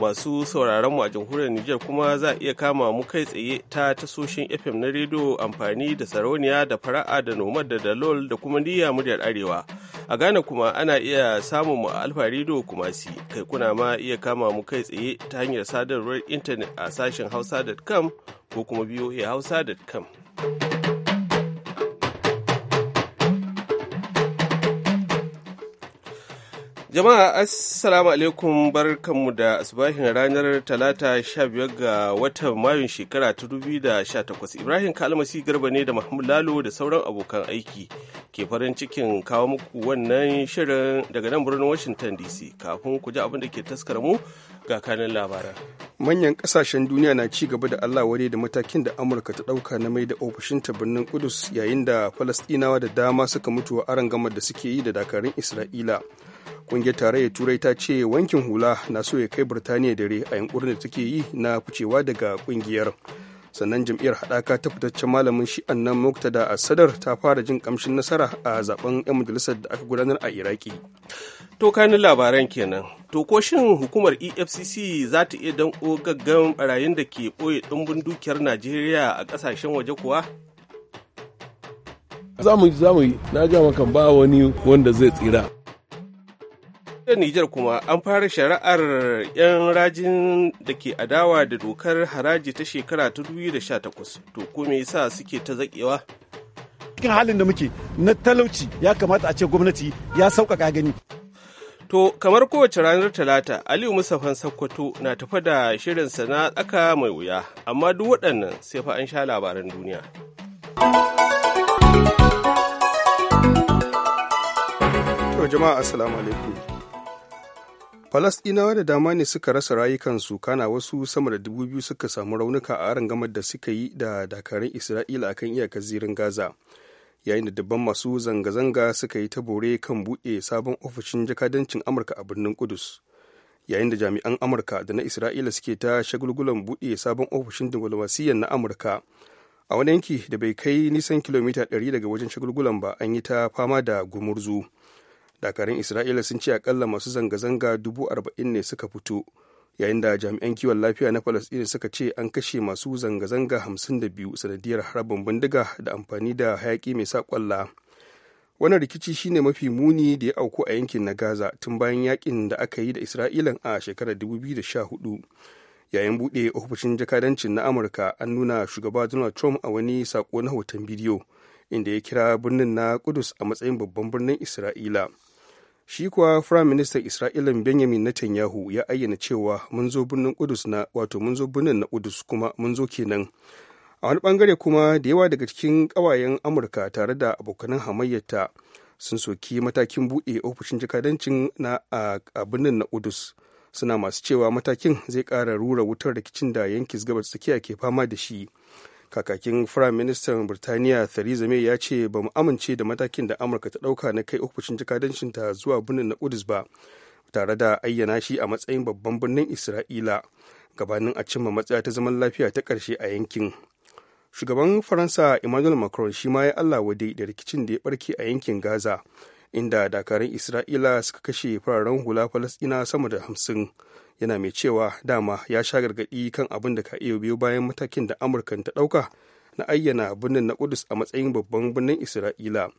masu sauraron mu a jamhuriyar Nijar kuma za a iya kama mu kai tsaye ta tasoshin FM na rediyo amfani da sarauniya da fara'a da nomad da dalol da kuma niyya muryar arewa. A Ghana kuma ana iya samun mu a alfa rediyo kuma si kai kuna ma iya kama mu kai tsaye ta hanyar sadarwar intanet a sashen hausa.com ko kuma voahausa.com. hausa.com. Jama'a Assalamu alaikum barkanmu da asubahin ranar talata 15 ga watan Mayun shekara ta 2018. Ibrahim Kalmasi Garba ne da Mahmud Lalo da sauran abokan aiki ke farin cikin kawo muku wannan shirin daga nan birnin Washington DC. Kafin ku ji abin da ke taskar mu ga kanin labaran. Manyan kasashen duniya na ci gaba da Allah ware da matakin da Amurka ta ɗauka na mai da ofishinta birnin Kudus yayin da Falastinawa da dama suka mutu a aron gama da suke yi da dakarun Isra'ila. kungiyar tarayyar turai ta ce wankin hula na so ya kai birtaniya dare a yankurin da take yi na kucewa daga kungiyar sannan jam'iyyar haɗaka ta fitaccen malamin shi'an nan muktada a sadar ta fara jin kamshin nasara a zaben 'yan majalisar da aka gudanar a iraki to kanin labaran kenan to ko shin hukumar efcc za ta iya danko gaggan barayin da ke ɓoye ɗumbin dukiyar najeriya a kasashen waje kuwa za mu yi na ga makan ba wani wanda zai tsira Ƙasar Nijar kuma an fara shari'ar 'yan rajin da ke adawa da dokar haraji ta shekara ta 2018 to ko me yasa suke ta zakewa cikin halin da muke na talauci ya kamata a ce gwamnati ya sauƙaƙa gani to kamar kowace ranar talata aliyu musafan sakkwato na tafa da shirin na tsaka mai wuya amma duk waɗannan sai fa an sha labaran duniya jama'a assalamu alaikum falasɗinawa da dama ne suka rasa rayukansu kana wasu sama da dubu biyu suka samu raunuka a gamar da suka yi da dakarun isra'ila akan iyakar zirin gaza yayin da dubban masu zanga-zanga suka yi ta bore kan buɗe sabon ofishin jakadancin amurka a birnin kudus yayin da jami'an amurka da na isra'ila suke ta shagulgulan buɗe sabon ofishin diplomasiyyar na amurka a wani yanki da bai kai nisan kilomita 100 daga wajen shagulgulan ba an yi ta fama da gumurzu. dakarun isra'ila sun ce akalla masu zanga-zanga dubu arba'in ne suka fito yayin da jami'an kiwon lafiya na falasɗini suka ce an kashe masu zanga-zanga hamsin da biyu sanadiyar harbin bindiga da amfani da hayaƙi mai sa kwalla wannan rikici shine mafi muni da ya auku a yankin na gaza tun bayan yakin da aka yi da isra'ila a shekarar 2014 yayin buɗe ofishin jakadancin na amurka an nuna shugaba donald trump a wani sako na hoton bidiyo inda ya kira birnin na kudus a matsayin babban birnin isra'ila shi kuwa firayim ministan isra'ila benjamin netanyahu ya ayyana cewa mun zo birnin kudus na wato mun zo birnin na kudus kuma mun zo kenan a wani bangare kuma da yawa daga cikin kawayen amurka tare da abokanan hamayyata sun soki matakin buɗe ofishin jakadancin na a birnin na kudus suna masu cewa matakin zai ƙara rura wutar rikicin da yankin gabas tsakiya ke fama da shi kakakin firayim ministan birtaniya theresa may ya ce ba mu amince da matakin da amurka ta dauka na kai ofishin jikadancinta zuwa birnin na kudus ba tare da ayyana shi a matsayin babban birnin isra'ila gabanin a cimma matsaya ta zaman lafiya ta karshe a yankin shugaban faransa emmanuel macron shi ma ya allah wadai da rikicin da ya barke a yankin gaza inda dakarun isra'ila suka kashe fararen hula falasɗina sama da hamsin yana mai cewa dama ya sha gargaɗi kan abin da ka iya biyo bayan matakin da amurka ta ɗauka na ayyana birnin na kudus a matsayin babban birnin isra'ila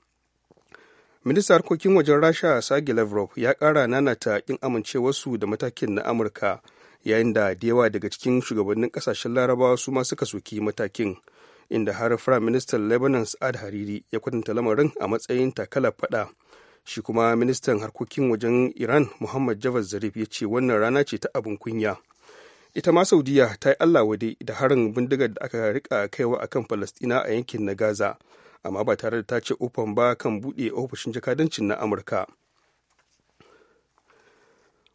ministan harkokin wajen rasha sage lavrov ya ƙara nanata ƙin amincewarsu da matakin na amurka yayin da da yawa daga cikin shugabannin ƙasashen larabawa su ma suka soki matakin inda har firayim ministan lebanon sa'ad hariri ya kwatanta lamarin a matsayin takalar fada shi kuma ministan harkokin wajen iran muhammad javad zarif ya ce wannan rana ce ta abin kunya ita ma saudiya ta yi allah wade da harin bindigar da aka rika kaiwa akan palestina a yankin na gaza amma ba tare da ta ce ofan ba kan buɗe ofishin jakadancin na amurka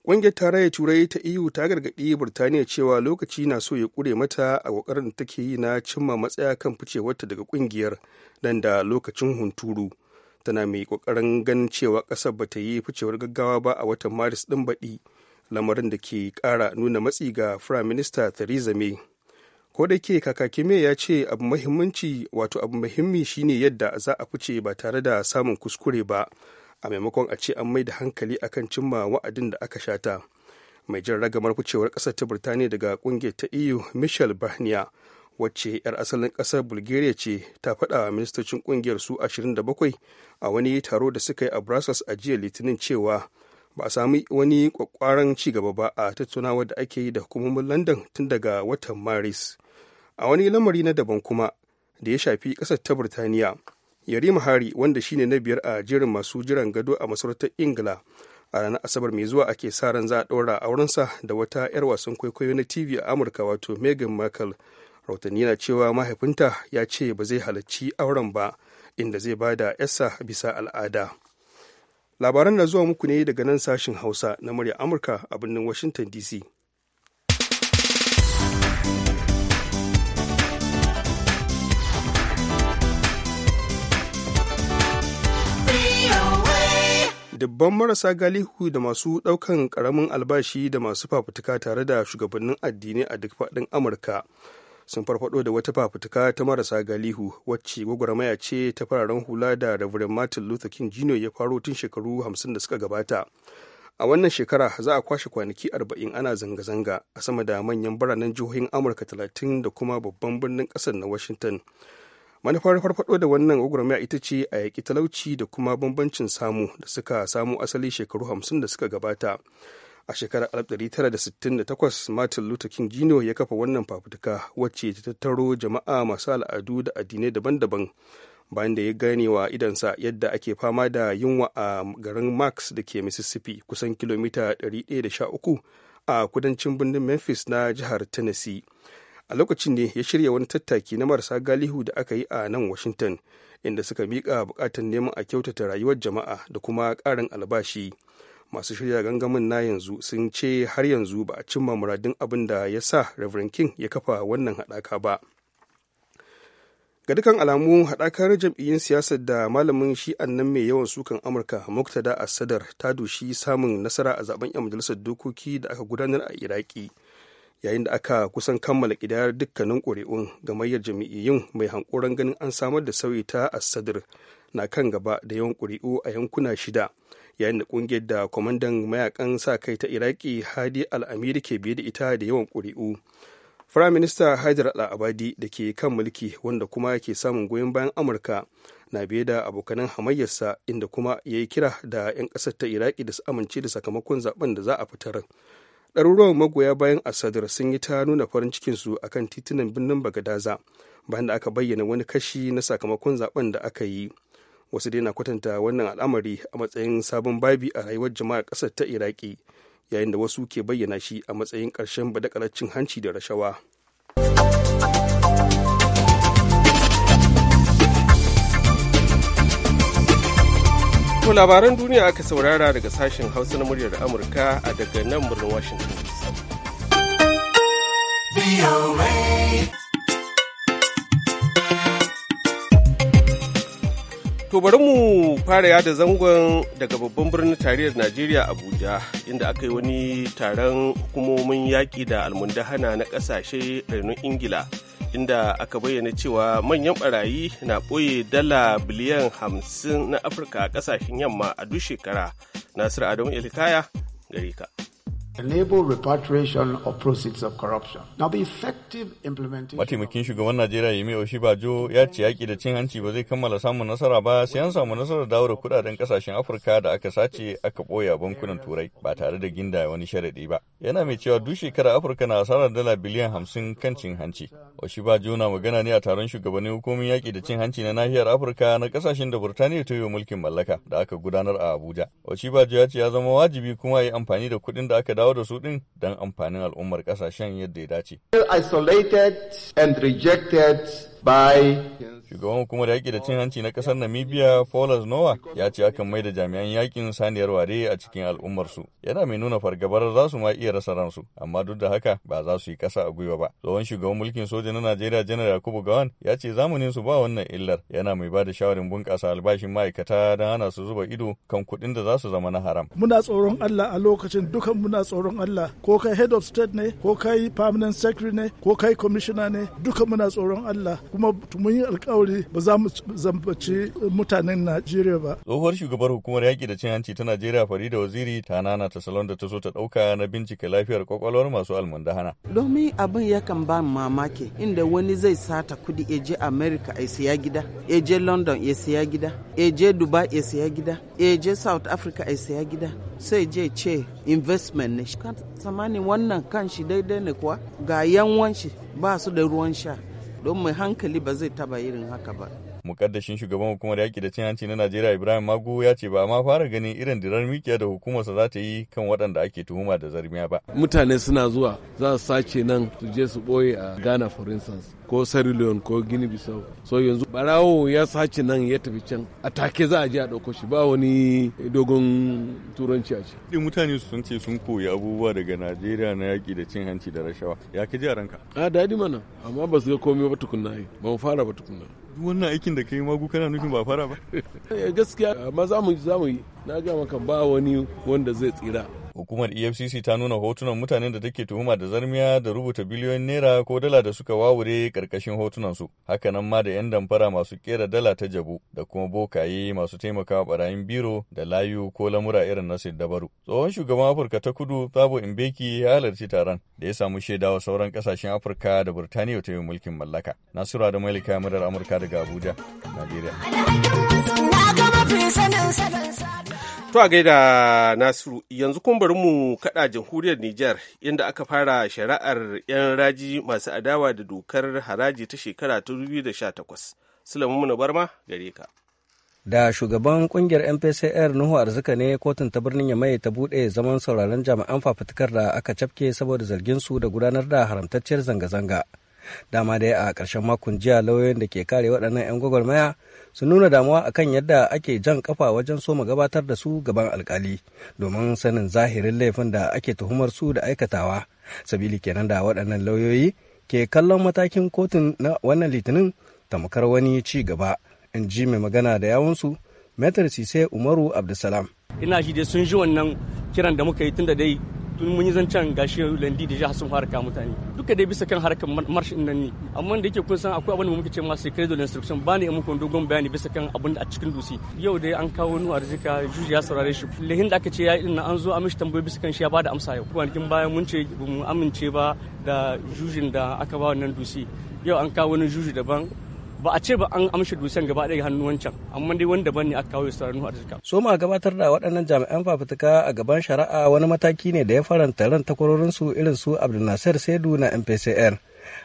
ƙungiyar tarayyar turai ta eu ta gargaɗi birtaniya cewa lokaci na so ya ƙure mata a ƙoƙarin da take yi na cimma matsaya kan ficewarta daga ƙungiyar nan da lokacin hunturu tana mai kokarin ganin cewa kasar ba ta yi ficewar gaggawa ba a watan maris ɗin baɗi lamarin da ke ƙara nuna matsi ga firayim minista theresa may ko da ke kakaki may ya ce abu muhimmanci wato abu muhimmi shine yadda za a fice ba tare da samun kuskure ba a maimakon a ce an mai da hankali akan cimma wa'adin da aka shata mai jin ragamar ficewar ƙasar ta birtaniya daga ƙungiyar ta eu michel barnier wacce 'yar asalin ƙasar bulgaria ce ta faɗa wa ministocin ƙungiyar su 27 a wani taro da suka yi a brussels a jiya litinin cewa ba a sami wani ci gaba ba a tattaunawa da ake yi da hukumomin london tun daga watan maris a wani lamari na daban kuma da ya shafi ƙasar ta burtaniya yarima hari wanda shine na biyar a jerin masu jiran gado a masarautar ingila a ranar asabar mai zuwa ake sa ran za a a aurensa da wata 'yar wasan kwaikwayo na tv a amurka wato megan markle rahotanni na cewa mahaifinta ya ce ba zai halarci auren ba inda zai ba da yasa bisa al'ada labaran na zuwa muku ne daga nan sashin hausa na murya amurka a birnin washington dc dubban marasa galihu da masu ɗaukan ƙaramin albashi da masu fafutuka tare da shugabannin addini a duk faɗin amurka sun farfado da wata fafutuka ta marasa galihu wacce gwagwarmaya ce ta fararen hula da Reverend Martin Luther King Jr. ya faro tun shekaru 50 da suka gabata. A wannan shekara za a kwashe kwanaki arba'in ana zanga-zanga a sama da manyan biranen jihohin Amurka talatin da kuma babban birnin kasar na Washington. manufar farfado da wannan gwagwarmaya ita ce a yaƙi talauci da kuma bambancin samu da suka samu asali shekaru hamsin da suka gabata a shekarar 1968 martin luther king jr ya kafa wannan fafutuka wacce ta tattaro jama'a masu al'adu da addinai daban-daban bayan da ya gane wa idansa yadda ake fama da yunwa a garin max da ke mississippi kusan kilomita 113 a kudancin birnin memphis na jihar tennessee a lokacin ne ya shirya wani tattaki na marasa galihu da aka yi a nan washington inda suka miƙa bukatar neman a kyautata rayuwar jama'a da kuma ƙarin albashi masu shirya gangamin na yanzu sun ce har yanzu ba a cimma muradin abin da ya sa reverend king ya kafa wannan haɗaka ba ga dukan alamu haɗakar jam'iyyun siyasar da malamin shi'an nan mai yawan sukan amurka muktada asadar ta dushi samun nasara a zaben yan majalisar dokoki da aka gudanar a iraki yayin da aka kusan kammala ƙidayar dukkanin ƙuri'un gamayyar jam'iyyun mai hankoron ganin an samar da sauyi ta asadar na kan gaba da yawan ƙuri'u a yankuna shida yayin da kungiyar da kwamandan mayakan sa kai ta iraki hadi al'amiri ke biye da ita da yawan ƙuri'u firayim minista haidar al'abadi da ke kan mulki wanda kuma ke samun goyon bayan amurka na biye da abokanan hamayyarsa inda kuma ya yi kira da 'yan ƙasar ta iraki da su amince da sakamakon zaben da za a fitar ɗaruruwan magoya bayan asadar sun yi ta nuna farin cikinsu a kan titunan birnin bagadaza bayan da aka bayyana wani kashi na sakamakon zaben da aka yi wasu dai na kwatanta wannan al'amari a matsayin sabon babi a rayuwar jama'a ƙasar ta iraki yayin da wasu ke bayyana shi a matsayin ƙarshen badakalar cin hanci da rashawa To labaran duniya aka saurara daga sashen hausa na muryar amurka a daga nan birnin washington To bari mu fara yada zangon daga babban birnin tarayyar Najeriya Abuja inda aka yi wani taron hukumomin yaƙi da almundahana na ƙasashe rainon Ingila inda aka bayyana cewa manyan barayi na ɓoye dala biliyan hamsin na Afirka a ƙasashen yamma a duk shekara. Nasiru Adamu Ilkaya Gari ka. Mataimakin shugaban Najeriya Yemi Oshibajo ya ce yaƙi da cin hanci ba zai kammala samun nasara ba sai an samu nasarar dawo da kudaden kasashen Afirka da aka sace aka ɓoye a bankunan Turai ba tare da ginda wani sharaɗi ba. Yana mai cewa duk shekara Afirka na asarar dala biliyan hamsin kan cin hanci. Oshibajo na magana ne a taron shugabannin hukumomin yaƙi da cin hanci na nahiyar Afirka na kasashen da Burtaniya ta yi mulkin mallaka da aka gudanar a Abuja. Oshibajo ya ce ya zama wajibi kuma a yi amfani da kuɗin da aka dawo dawo da su ɗin don amfanin al'ummar ƙasashen yadda ya dace. isolated Bye. shugaban hukumar yaƙi da cin hanci na ƙasar namibia paulus noah ya ce akan mai da jami'an yaƙin saniyar ware a cikin al'ummarsu yana mai nuna fargabar za su ma iya rasa ransu amma duk da haka ba za su yi ƙasa a gwiwa ba tsohon shugaban mulkin soja na najeriya janar yakubu gawan ya ce zamanin su ba wannan illar yana mai ba da shawarin bunƙasa albashin ma'aikata don hana su zuba ido kan kuɗin da za su zama na haram muna tsoron allah a lokacin dukan muna tsoron allah ko kai head of state ne ko kai permanent secretary ne ko kai commissioner ne dukan muna tsoron allah kuma mun yi alkawari ba za mu zambaci mutanen Najeriya ba. Tsohuwar shugabar hukumar yaƙi da cin hanci ta Najeriya da Waziri ta nana ta salon da ta so ta ɗauka na bincike lafiyar kwakwalwar masu almundahana. Domin abin yakan ba mamaki inda wani zai sata kudi ya je America ya siya gida, ya je London ya siya gida, ya je Dubai ya siya gida, ya je South Africa ya siya gida. sai je ce investment ne. Kan tsammanin wannan kan shi daidai ne kuwa ga yanwan shi ba su da ruwan sha. don mai hankali ba zai taba irin haka ba. Mukaddashin shugaban hukumar yaƙi da cin hanci na Najeriya Ibrahim magu ya ce ba ma fara ganin irin dirar mikiya da hukumarsa za ta yi kan waɗanda ake tuhuma da zarmiya ba. Mutane suna zuwa za su sace nan su je su ɓoye a Ghana for instance. ko Sierra ko gini Bissau so yanzu barawo ya sace nan ya tafi can a take za a je a ɗauko shi ba wani dogon turanci a ce din mutane su sun ce sun koyi abubuwa daga Najeriya na yaki da cin hanci da rashawa ya ka jaran ka. ranka a daɗi mana amma ba su ga komai ba tukunna ba mu fara ba tukunna wannan aikin da kai magu kana nufin ba fara ba eh, gaskiya amma za mu yi na ga maka ba wani wanda zai tsira Hukumar EFCC ta nuna hotunan mutanen da take tuhuma da zarmiya da rubuta biliyoyin naira ko dala da suka wawure karkashin hotunan su. Hakanan ma da 'yan damfara masu kera dala ta jabu da kuma bokaye masu taimakawa barayin biro da layu ko lamura irin na dabaru. Tsohon shugaban Afirka ta Kudu Thabo Mbeki ya halarci taron da ya samu shaidawa sauran kasashen Afirka da Burtaniya ta yi mulkin mallaka. Nasura da Malika Murar Amurka daga Abuja, Najeriya. To a gaida Nasiru yanzu kun bari mu kada jamhuriyar Nijar inda aka fara shari'ar 'yan raji masu adawa da dokar haraji ta shekara ta 2018. Sulaimu na barma gare ka. Da shugaban kungiyar MPCR Nuhu Arzika ne kotun ta birnin ya mai ta bude zaman sauraron jami'an fafutukar da aka cafke saboda zargin su da gudanar da haramtacciyar zanga-zanga. dama dai a ƙarshen makon jiya lauyoyin da ke kare waɗannan 'yan gwagwarmaya sun nuna damuwa akan yadda ake jan kafa wajen soma gabatar da su gaban alkali domin sanin zahirin laifin da ake tuhumar su da aikatawa sabili kenan da waɗannan lauyoyi ke kallon matakin kotun na wannan litinin tamkar wani ci gaba in ji mai magana da yawunsu metar sise umaru abdulsalam ina shi dai sun ji wannan kiran da muka yi tun da dai mun yi zancen gashi landi da jihar sun fara kama mutane duka dai bisa kan harkar marshi nan ne amma da yake kun san akwai abin da muke cewa ma secret da instruction ba ne muku dogon bayani bisa kan abin da a cikin dusi yau dai an kawo nuwa rizika juji ya saurare shi lehin da aka ce ya irin an zo a mishi tambayoyi bisa kan shi ya ba da amsa yau kwanakin bayan mun ce mu amince ba da jujin da aka ba wannan dusi yau an kawo wani juji daban ba a ce ba an amshi dusan gaba ɗaya hannu wancan amma dai wani daban ne aka kawo su hannu a gabatar da waɗannan jami'an fafutuka a gaban shari'a wani mataki ne da ya faranta ran takwarorinsu irin su abdulnasir saidu na mpcr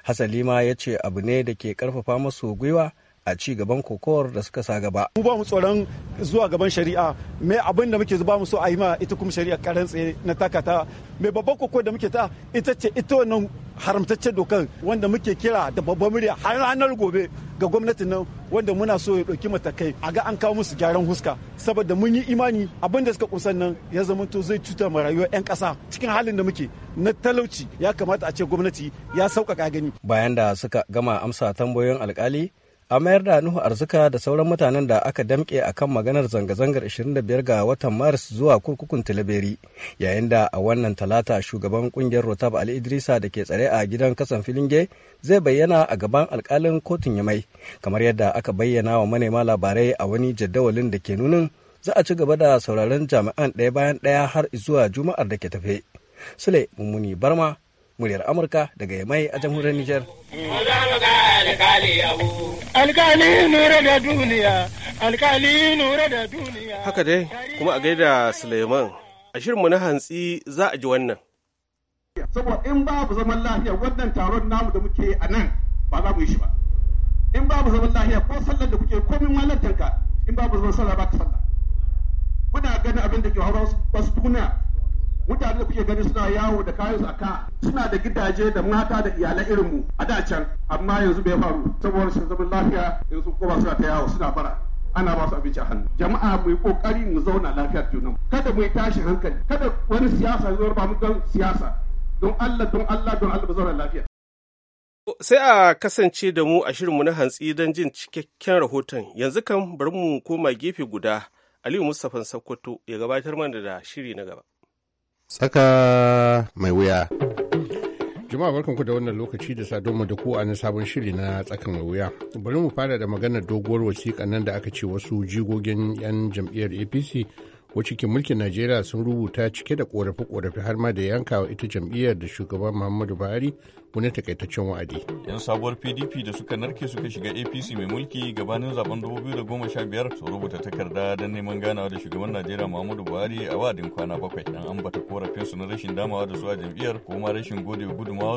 hasalima ya ce abu ne da ke karfafa masu gwiwa a ci gaban kokowar da suka sa gaba. Mu ba mu tsoron zuwa gaban shari'a, me abin da muke ba mu so a yi ma ita kuma shari'a karan tsaye na takata. me babban koko da muke ta ita ce ita wannan haramtaccen dokar wanda muke kira da babban murya har ranar gobe ga gwamnatin nan wanda muna so ya ɗauki matakai a ga an kawo musu gyaran huska saboda mun yi imani abin da suka kusan nan ya zama to zai cuta ma rayuwar 'yan ƙasa cikin halin da muke na talauci ya kamata a ce gwamnati ya sauƙaƙa gani bayan da suka gama amsa tambayoyin alkali a mayar da nuhu arzuka da sauran mutanen da aka damke a kan maganar zanga-zangar 25 ga watan maris zuwa kurkukun tilaberi yayin da a wannan talata shugaban kungiyar rotab al idrisa da ke tsare a gidan kasan filinge zai bayyana a gaban alkalin kotun yamai kamar yadda aka bayyana wa manema labarai a wani jadawalin da ke nunin za a ci gaba da sauraron jami'an ɗaya bayan ɗaya har zuwa juma'ar da ke tafe sule mummuni barma muryar Amurka daga Yamai a jamhuriyar Nijar. Alkali da duniya, alkali da duniya. Haka dai, kuma a gaida Suleiman, a shirinmu na hantsi za a ji wannan. Saboda in babu zaman lafiya wannan taron namu da muke a nan ba za mu yi shi ba. In babu zaman lafiya ko sallar da kuke komin malantanka in babu zaman sallah ba ka sallah. Kuna ganin abin da ke hauwa wasu duniya mutane da kuke gani suna yawo da kayan su aka suna da gidaje da mata da iyalai irin mu a da can amma yanzu bai faru saboda shi zaman lafiya yanzu koma suna ta yawo suna bara ana ba su abinci a hannu jama'a mu yi kokari mu zauna lafiyar junanmu kada mu yi tashi hankali kada wani siyasa zuwa ba mu gan siyasa don Allah don Allah don Allah mu zauna lafiya sai a kasance da mu a shirinmu na hantsi don jin cikakken rahoton yanzu kan bari mu koma gefe guda aliyu mustapha sakkwato ya gabatar mana da shiri na gaba tsaka mai wuya. Jama'a barkanku da wannan lokaci da doma da ku a na sabon shiri na tsakan mai wuya. Bari mu fara da maganar doguwar wasiƙa nan da aka ce wasu jigogin 'yan jam'iyyar APC wacce ke mulkin Najeriya sun rubuta cike da ƙorafe-ƙorafe har ma da yankawa ita jam'iyyar da shugaban Muhammadu Buhari zaɓaɓɓu takaitaccen wa'adi. Yan sabuwar PDP da suka narke suka shiga APC mai mulki gabanin zaben 2015 su rubuta takarda don neman ganawa da shugaban Najeriya Muhammadu Buhari a wa'adin kwana bakwai don ambata korafinsu na rashin damawa da su a jam'iyyar ko ma rashin gode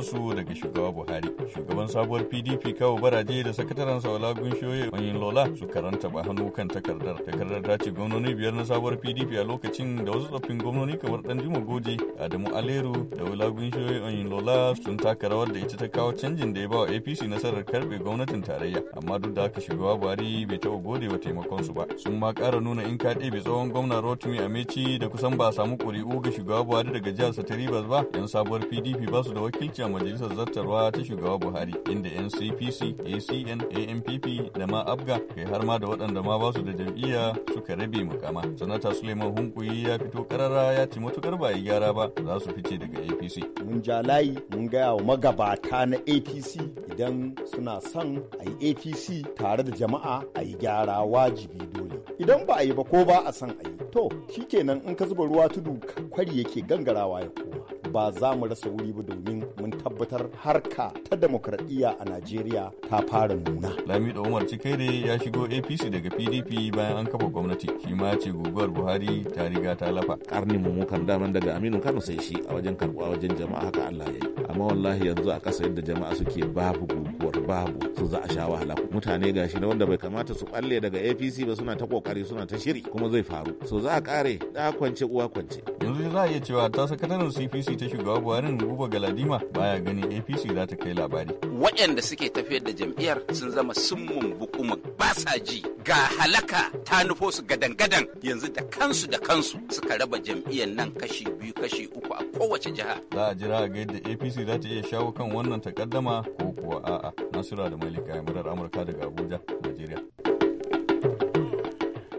su daga shugaba Buhari. Shugaban sabuwar PDP Kawo Baraje da sakataren Saula Gunshoye Onyin Lola su karanta ba hannu kan takardar. Takardar ta ce gwamnoni biyar na sabuwar PDP a lokacin da wasu tsoffin gwamnoni kamar Danjuma Goje, Adamu Aleru da Wula Gunshoye Onyin Lola sun taka rawar wanda ita ta kawo canjin da ya ba wa apc nasarar karbe gwamnatin tarayya amma duk da haka shugaba buhari bai taɓa gode wa taimakon su ba sun ma ƙara nuna in ka ɗebe tsohon gwamna rotimi amechi da kusan ba a samu ƙuri'u ga shugaba buhari daga jihar ta rivers ba yan sabuwar pdp ba su da wakilci a majalisar zartarwa ta shugaba buhari inda ncpc acn ampp da ma abga kai har ma da waɗanda ma ba su da jam'iyya suka rabe mukama sanata suleiman hunkuyi ya fito karara ya ci matukar ba yi gyara ba za su fice daga apc mun ja layi mun gaya wa magab bata na apc idan suna son a yi apc tare da jama'a a yi gyara wajibi dole idan ba a yi ba ko ba a son a yi to shikenan in ka zuba ruwa tudu kwari yake gangarawa ya koma ba za mu rasa wuri ba domin tabbatar harka ta demokradiyya a Najeriya ta fara nuna. da Umar Cikaire ya shigo APC daga PDP bayan an kafa gwamnati. Shi ma ce guguwar Buhari ta riga ta lafa. Karni mu kan daman daga Aminu Kano sai shi a wajen karɓuwa wajen jama'a haka Allah ya yi. Amma wallahi yanzu a ƙasa yadda jama'a suke babu guguwar babu su za a sha wahala. Mutane gashi na wanda bai kamata su balle daga APC ba suna ta kokari suna ta shiri kuma zai faru. So za a kare da kwance uwa kwance. Yanzu za a iya cewa ta sakataren CPC ta shugaba Buhari Buba Galadima bayan baya ganin apc za ta kai labari waɗanda suke tafiyar da jam'iyyar sun zama summun bukuma ba sa ji ga halaka ta nufo su gadan-gadan yanzu da kansu da kansu suka raba jam'iyyar nan kashi biyu kashi uku a kowace jiha za a jira ga yadda apc za ta iya shawo kan wannan takaddama ko kuwa a'a nasura da malika murar amurka daga abuja najeriya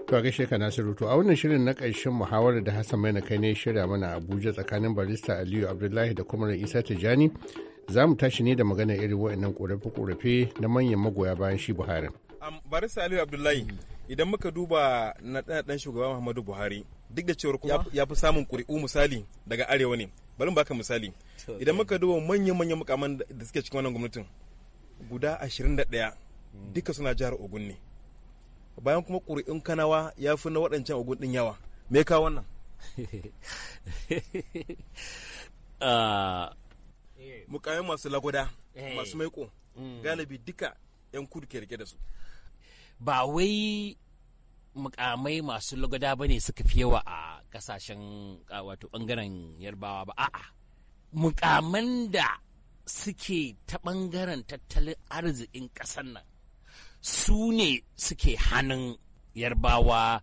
To a gaishe ka Nasiru to a wannan shirin na ƙarshen muhawarar da Hassan Maina kai ne shirya mana Abuja tsakanin barista Aliyu Abdullahi da kuma Isa Tijani za mu tashi ne da magana irin waɗannan ƙorafe-ƙorafe na manyan magoya bayan shi Buhari. Barista Aliyu Abdullahi idan muka duba na ɗan shugaba Muhammadu Buhari duk da cewar kuma ya fi samun ƙuri'u misali daga arewa ne bari baka misali idan muka duba manyan-manyan mukaman da suke cikin wannan gwamnatin guda ashirin da ɗaya duka suna jihar Ogun ne. bayan kuma ƙuri'un kanawa ya fi na waɗancan ogun ɗin yawa me ka wannan ah. mukayen masu lagoda eh. masu maiko mm. galibi duka 'yan kudu ke rike da su ba wai mukamai masu lagoda ba ne suka fi yawa a kasashen wato ɓangaren yarbawa ba a'a mukaman da suke ta ɓangaren tattalin arzikin ƙasar nan su ne suke hannun yarbawa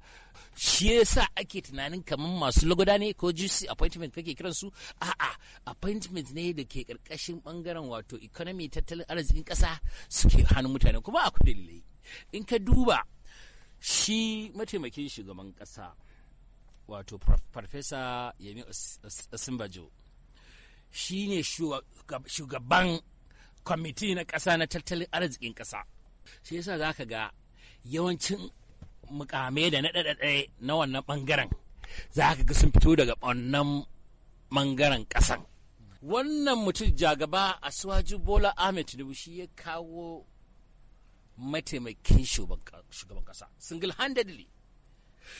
shi yasa ake tunanin kamar masu lagoda ne ko juicy appointment kake kiran su a'a appointment ne da ke karkashin bangaren wato economy tattalin arzikin kasa suke hannun mutane kuma a dalilai in ka duba shi mataimakin shugaban kasa wato farfesa yami Asimbajo shi ne shugaban kwamiti na kasa na tattalin arzikin kasa shi yasa za ka ga yawancin mukame da na ɗaɗaɗe na wannan ɓangaren za ka ga sun fito daga wannan ɓangaren ƙasan wannan mutum jagaba a suwaju bola ahmed tinubu shi ya kawo mataimakin shugaban ƙasa single handedly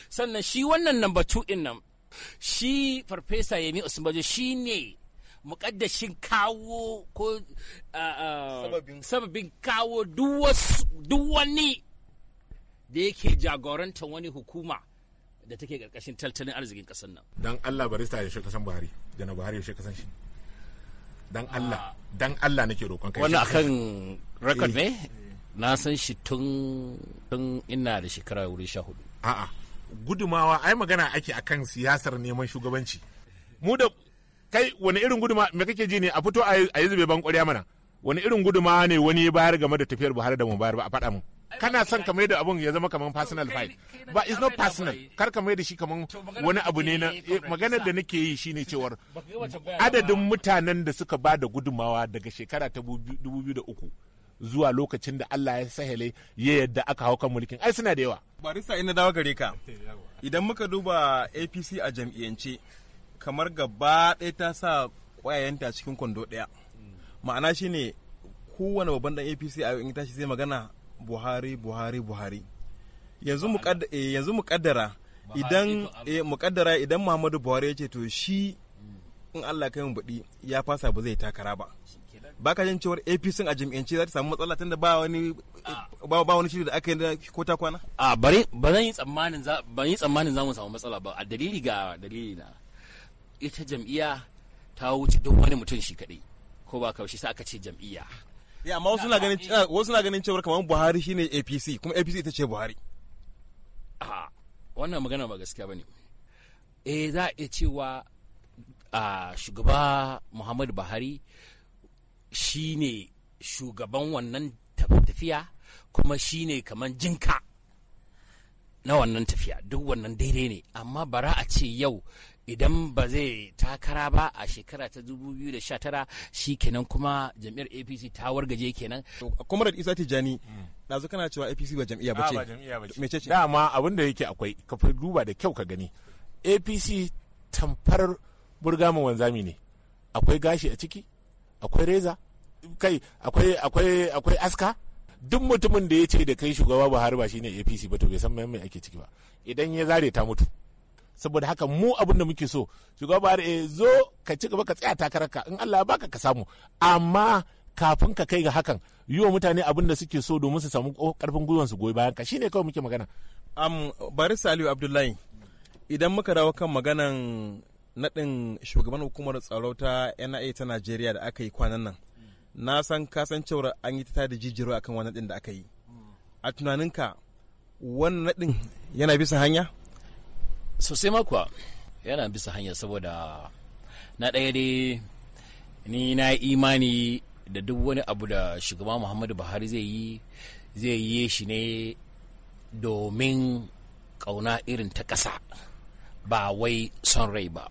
sannan shi wannan number two ɗin nan shi farfesa yami osinbajo shi ne mukaddashin kawo ko sababin kawo duk wani da yake jagorantar wani hukuma da take karkashin tattalin arzikin ƙasar nan. Dan Allah barista ya shi kasan Buhari, jana Buhari ya shi kasan shi. Don Allah, don Allah nake roƙon kai. Wani akan rekod ne? Eh. Na san shi tun tun ina da shekara wuri sha hudu. A'a, gudumawa ai magana ake akan siyasar neman shugabanci. Mu da kai wani irin guduma me kake ji ne a fito a yi zube ban ƙwarya mana wani irin guduma ne wani ya bayar game da tafiyar Buhari da mu bayar ba a faɗa mu kana son ka da abun ya zama kamar personal fight ba is not personal kar ka da shi kamar wani abu ne na eh, maganar da nake yi shine cewar adadin mutanen da suka ba da gudumawa daga shekara ta 2003 zuwa lokacin da Allah ya sahale ya yadda aka hau kan mulkin ai suna da yawa barista ina dawo gare ka idan muka duba APC a jam'iyyance kamar gaba ɗaya ta sa ƙwayayenta cikin kwando ɗaya ma'ana shi ne kowane babban ɗan apc a in tashi zai magana buhari buhari buhari yanzu mu eh, idan eh, mukaddara idan muhammadu buhari ya ce to shi in allah kai mu baɗi ya fasa ba zai takara ba ba ka jin cewar apc a jam'iyyance za ta samu matsala tun da ba wani ba wani shiri da aka yi ko ta kwana a bari ba zan yi tsammanin za mu samu matsala ba a dalili ga dalili na ita jam'iyya ta wuce duk wani mutum shi kaɗai ko ba kaushe sai aka ce jam'iyya ya amma wasu na ganin ah, wasu na ganin cewa kamar Buhari shine APC kuma APC ita ce Buhari a wannan magana ba gaskiya bane eh za a iya cewa a ah, shugaba Muhammadu Buhari shine shugaban wannan tafiya kuma shine kamar jinka na wannan tafiya duk wannan daidai ne amma bara a ce yau idan ba zai takara ba a shekara ta 2019 shi kenan kuma jam'iyyar apc ta wargaje kenan comrade isa tijani ɗazu kana cewa apc ba jam'iyya ba ce dama abin da yake akwai ka fi duba da kyau ka gani apc tamfar burgamin wanzami ne akwai gashi a ciki akwai reza kai akwai akwai akwai aska duk mutumin da ya ce da kai shugaba buhari ba shine apc ba to bai san mai ake ciki ba idan ya zare ta mutu saboda haka mu abin da muke so shugaba e zo ka ci gaba ka tsaya takararka in allah ya baka ka samu amma kafin ka kai ga hakan yi wa mutane abin da suke so domin su samu karfin gwiwansu goyi bayan ka shine kawai muke magana am bari saliu abdullahi idan muka dawo kan maganan naɗin shugaban hukumar tsaro ta nia ta najeriya da aka yi kwanan nan na san ka san cewar an yi ta da jijiro akan wannan din da aka yi a tunaninka wannan naɗin yana bisa hanya sosai makuwa yana bisa hanya saboda na ɗaya dai ni na imani da duk wani abu da shugaba muhammadu buhari zai yi zai yi shi ne domin ƙauna irin ta ƙasa ba wai son rai ba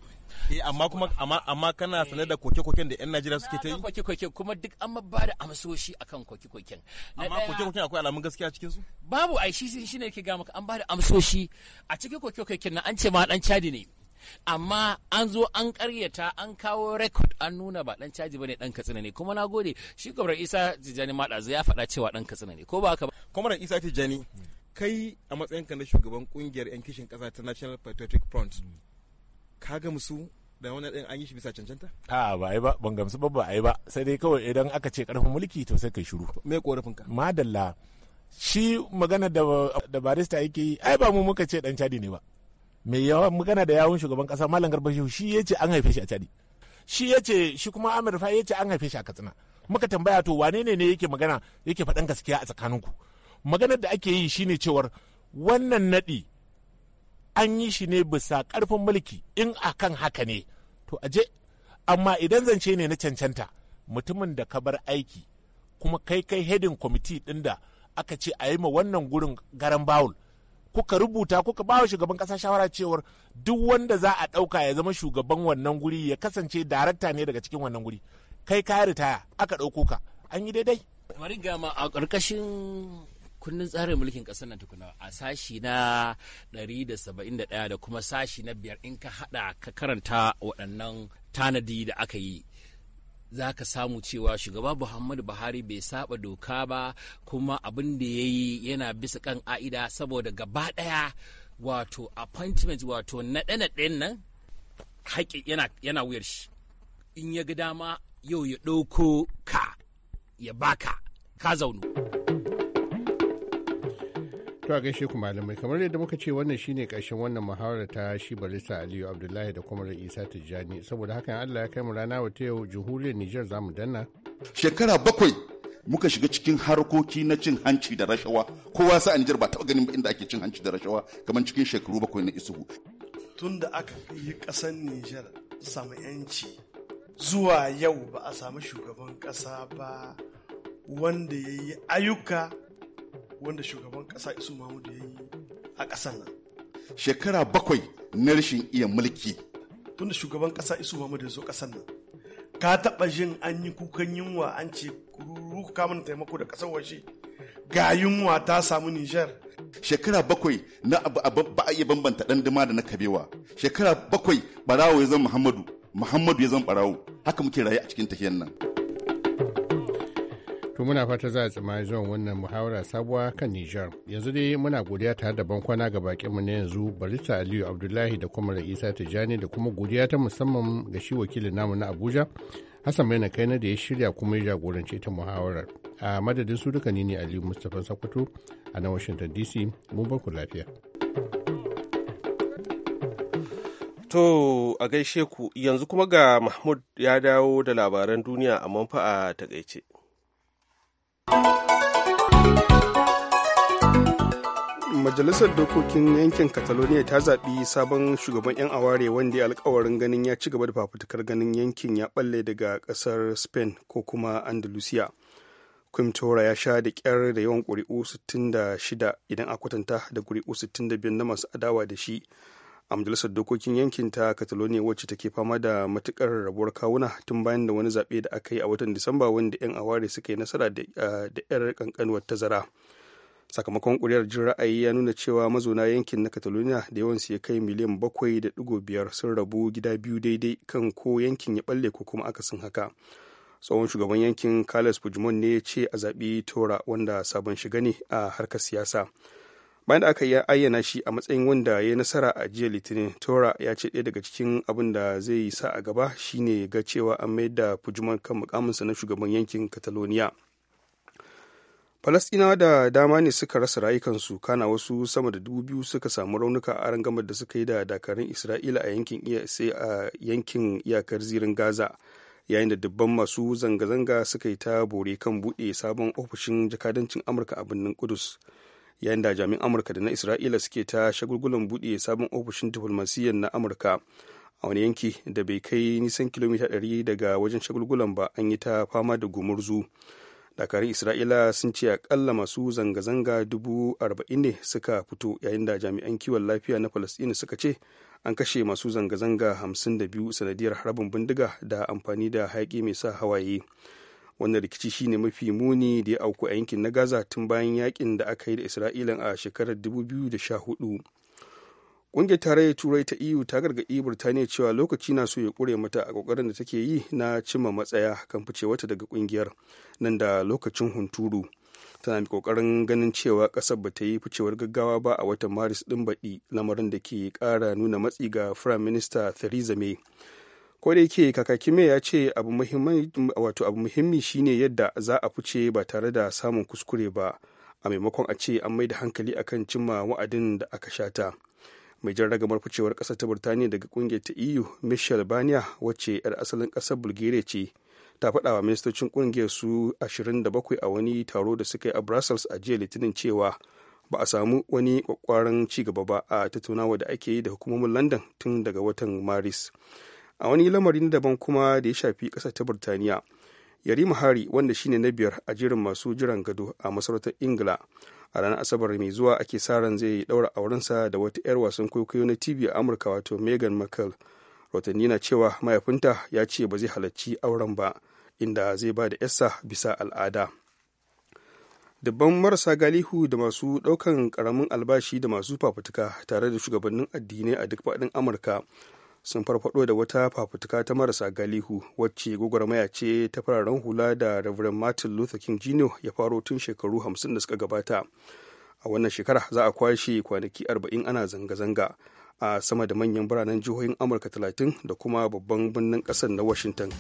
eh amma kuma amma kana sane da koke-koken da yan Najeriya suke ta yi koke-koken kuma duk an ba da amsoshi akan koke-koken amma koke-koken akwai alamun gaskiya cikin su babu ai shi shine yake ga maka an ba da amsoshi a cikin koke-koken nan an ce ma dan cadi ne amma an zo an karyata an kawo rekod an nuna ba dan caji bane dan katsina ne kuma na gode shi gwamnati isa tijjani madazu ya faɗa cewa dan katsina ne ko ba haka ba kwamrar isa tijjani kai a matsayinka na shugaban kungiyar yan kishin kasa ta national patriotic front ka gamsu da wani ɗin an yi shi bisa cancanta? A ba ai ba ban gamsu ba ba ai ba sai dai kawai idan aka ce karfin mulki to sai kai shiru. Me korafin ka? Madalla shi magana da barista yake yi ai ba mu muka ce dan cadi ne ba. Me yawa magana da yawun shugaban kasa Malam Garba shi ya ce an haife shi a cadi. Shi ya ce shi kuma Amir Fa ya ce an haife shi a Katsina. Muka tambaya to wane ne ne yake magana yake faɗan gaskiya a tsakaninku. Maganar da ake yi shine cewar wannan naɗi an yi shi ne bisa karfin mulki in a kan haka ne to aje amma idan zance ne na cancanta mutumin da ka bar aiki kuma kai kai hedin kwamiti ɗin da aka ce a yi ma wannan gurin garan bawul kuka rubuta kuka ba wa shugaban kasa shawara cewar duk wanda za a ɗauka ya zama shugaban wannan guri ya kasance darakta ne daga cikin wannan guri kai ka ritaya aka ɗauko ka an yi daidai bari gama a ƙarƙashin kundin tsarin mulkin ƙasar nan tukuna a sashi na 171 da kuma sashi na biyar in ka haɗa ka karanta waɗannan tanadi da aka yi za ka samu cewa shugaba muhammadu buhari bai saba doka ba kuma abin da ya yi yana bisa kan a'ida saboda gaba ɗaya wato appointment wato naɗe-naɗen nan haƙi yana wuyar shi in ya ga dama yau ya ɗauko ka ya baka ka zaunu. To a gaishe ku malamai kamar yadda muka ce wannan shine ƙarshen wannan muhawara ta shi Balisa Aliyu Abdullahi da kuma Isa Tijjani saboda hakan Allah ya kai mu rana wata yau jihuriyar Nijar zamu danna. Shekara bakwai muka shiga cikin harkoki na cin hanci da rashawa kowa sa a Nijar ba taɓa ganin ba inda ake cin hanci da rashawa kamar cikin shekaru bakwai na isuhu. Tun da aka yi ƙasar Nijar samu 'yanci zuwa yau ba a samu shugaban ƙasa ba wanda ya yi ayyuka wanda shugaban kasa isu Mahmud ya yi a ƙasar nan shekara bakwai na rashin iya mulki tunda shugaban kasa isu Mahmud ya zo ƙasar nan ka taɓa jin an yi kukan yunwa an ce ku mana taimako da ƙasar waje ga yunwa ta samu Nijar. Shekara bakwai na ba a iya bambanta ɗan dama da na kabewa. Shekara bakwai barawo ya zama Muhammadu, Muhammadu ya zama barawo. Haka muke rayu a cikin tafiyan nan. To muna fata za a tsamaya zuwan wannan muhawara sabuwa kan Nijar. Yanzu dai muna godiya tare da bankwana ga mu na yanzu Barista Aliyu Abdullahi da kuma Ra'isa Tijjani da kuma godiya ta musamman ga shi wakilin namu na Abuja. Hassan Maina Kaina da ya shirya kuma ya jagorance ta muhawarar. A madadin su duka ni ne Aliyu Mustapha Sokoto a na Washington DC. Mun bar lafiya. To a gaishe ku yanzu kuma ga Mahmud ya dawo da labaran duniya a manfa a takaice. majalisar dokokin yankin catalonia ta zaɓi sabon shugaban 'yan aware wanda ya alkawarin ganin ya ci gaba da fafutukar ganin yankin ya balle daga ƙasar spain ko kuma andalusia kwimtora ya sha da ƙyar da yawan ƙuri'u 66 idan a kwatanta da ƙuri'u 65 na masu adawa da shi a majalisar dokokin yankin ta catalonia wacce take fama da matukar rabuwar kawuna tun bayan da wani zaɓe da aka yi a watan disamba wanda 'yan aware suka yi nasara da 'yar kankanuwar tazara sakamakon ƙuri'ar jin ra'ayi ya nuna cewa mazauna yankin na catalonia da yawansu ya kai miliyan bakwai da digo biyar sun rabu gida biyu daidai kan ko yankin ya balle ko kuma aka akasin haka tsohon shugaban yankin carlos puigdemont ne ya ce a zaɓi tora wanda sabon shiga ne a harkar siyasa bayan da aka ayyana shi a matsayin wanda ya yi nasara a jiya litinin tora ya ce ɗaya daga cikin abin da zai yi sa a gaba shine ga cewa an mayar da fujiman kan mukaminsa na shugaban yankin catalonia falastinawa da dama ne suka rasa rayukansu kana wasu sama da dubu biyu suka samu raunuka a rangamar da suka yi da dakarun isra'ila a yankin a yankin iyakar zirin gaza yayin da dubban masu zanga-zanga suka yi ta bore kan buɗe sabon ofishin jakadancin amurka a birnin kudus yayin da jami'an amurka da na isra'ila suke ta shagulgulan buɗe sabon ofishin diflomasiyyar na amurka a wani yanki da bai kai nisan kilomita 100 daga wajen shagulgulan ba an yi ta fama da gumurzu dakarun isra'ila sun ce akalla masu zanga-zanga dubu arba'in ne suka fito yayin da jami'an kiwon lafiya na falasɗini suka ce an kashe masu zanga-zanga hamsin da biyu sanadiyar harbin bindiga da amfani da hayaƙi mai sa hawaye wannan rikici shine mafi muni da ya auku a yankin na gaza tun bayan yakin da aka yi da isra'ila a shekarar 2014 ƙungiyar tarayyar turai ta eu ta gargaɗi birtaniya cewa lokaci na so ya ƙure mata a ƙoƙarin da take yi na cimma matsaya kan ficewarta daga ƙungiyar nan da lokacin hunturu tana mai ƙoƙarin ganin cewa ƙasar ba ta yi ficewar gaggawa ba a watan maris ɗin baɗi lamarin da ke ƙara nuna matsi ga firayim minista theresa may ko da yake mai ya ce abu muhimmi shine yadda za a fice ba tare da samun kuskure ba a maimakon a ce an mai da hankali akan cimma wa'adin da aka shata mai jan ragamar ficewar kasa ta burtaniya daga kungiyar ta eu michel bania wacce 'yar asalin ƙasar bulgaria ce ta faɗa wa ministocin kungiyar su 27 a wani taro da suka yi a brussels a jiya litinin cewa ba a samu wani kwakwaran ci gaba ba a tattaunawa da ake yi da hukumomin london tun daga watan maris a wani lamarin daban kuma da ya shafi kasa ta burtaniya yarima hari wanda shine na biyar a jirin masu jiran gado a masarautar ingila a ranar asabar mai zuwa ake sa ran zai daura aurensa da wata 'yar wasan kwaikwayo na tv a amurka wato megan markle rotanni na cewa mahaifinta ya ce ba zai halarci auren ba inda zai ba da yarsa bisa al'ada dabban marasa galihu da masu ɗaukan karamin albashi da masu fafutuka tare da shugabannin addinai a duk faɗin amurka sun farfado da wata fafutuka ta marasa galihu wacce gwagwarmaya ce ta fararen hula da reverend martin luther king jr ya faro tun shekaru hamsin da suka gabata a wannan shekara za a kwashe kwanaki arba'in ana zanga-zanga a sama da manyan biranen jihohin amurka talatin da kuma babban birnin kasar na washington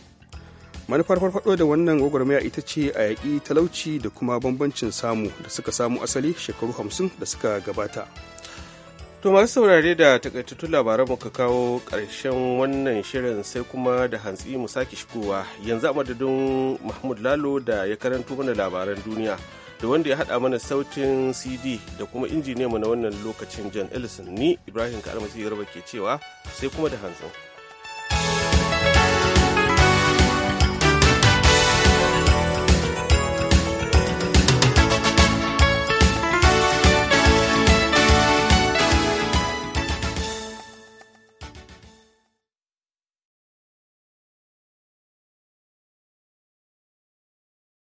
manufar farfado da wannan gwagwarmaya ita ce a yaƙi talauci da kuma bambancin samu da suka samu asali shekaru hamsin da suka gabata. To masu saurare da takaitattun labaran muka kawo ƙarshen wannan shirin sai kuma da hantsi mu sake shigowa yanzu a madadin Mahmud Lalo da ya karanto mana labaran duniya da wanda ya haɗa mana sautin CD da kuma injiniyanmu na wannan lokacin John Ellison ni Ibrahim Kalmasi Yarba ke cewa sai kuma da hantsi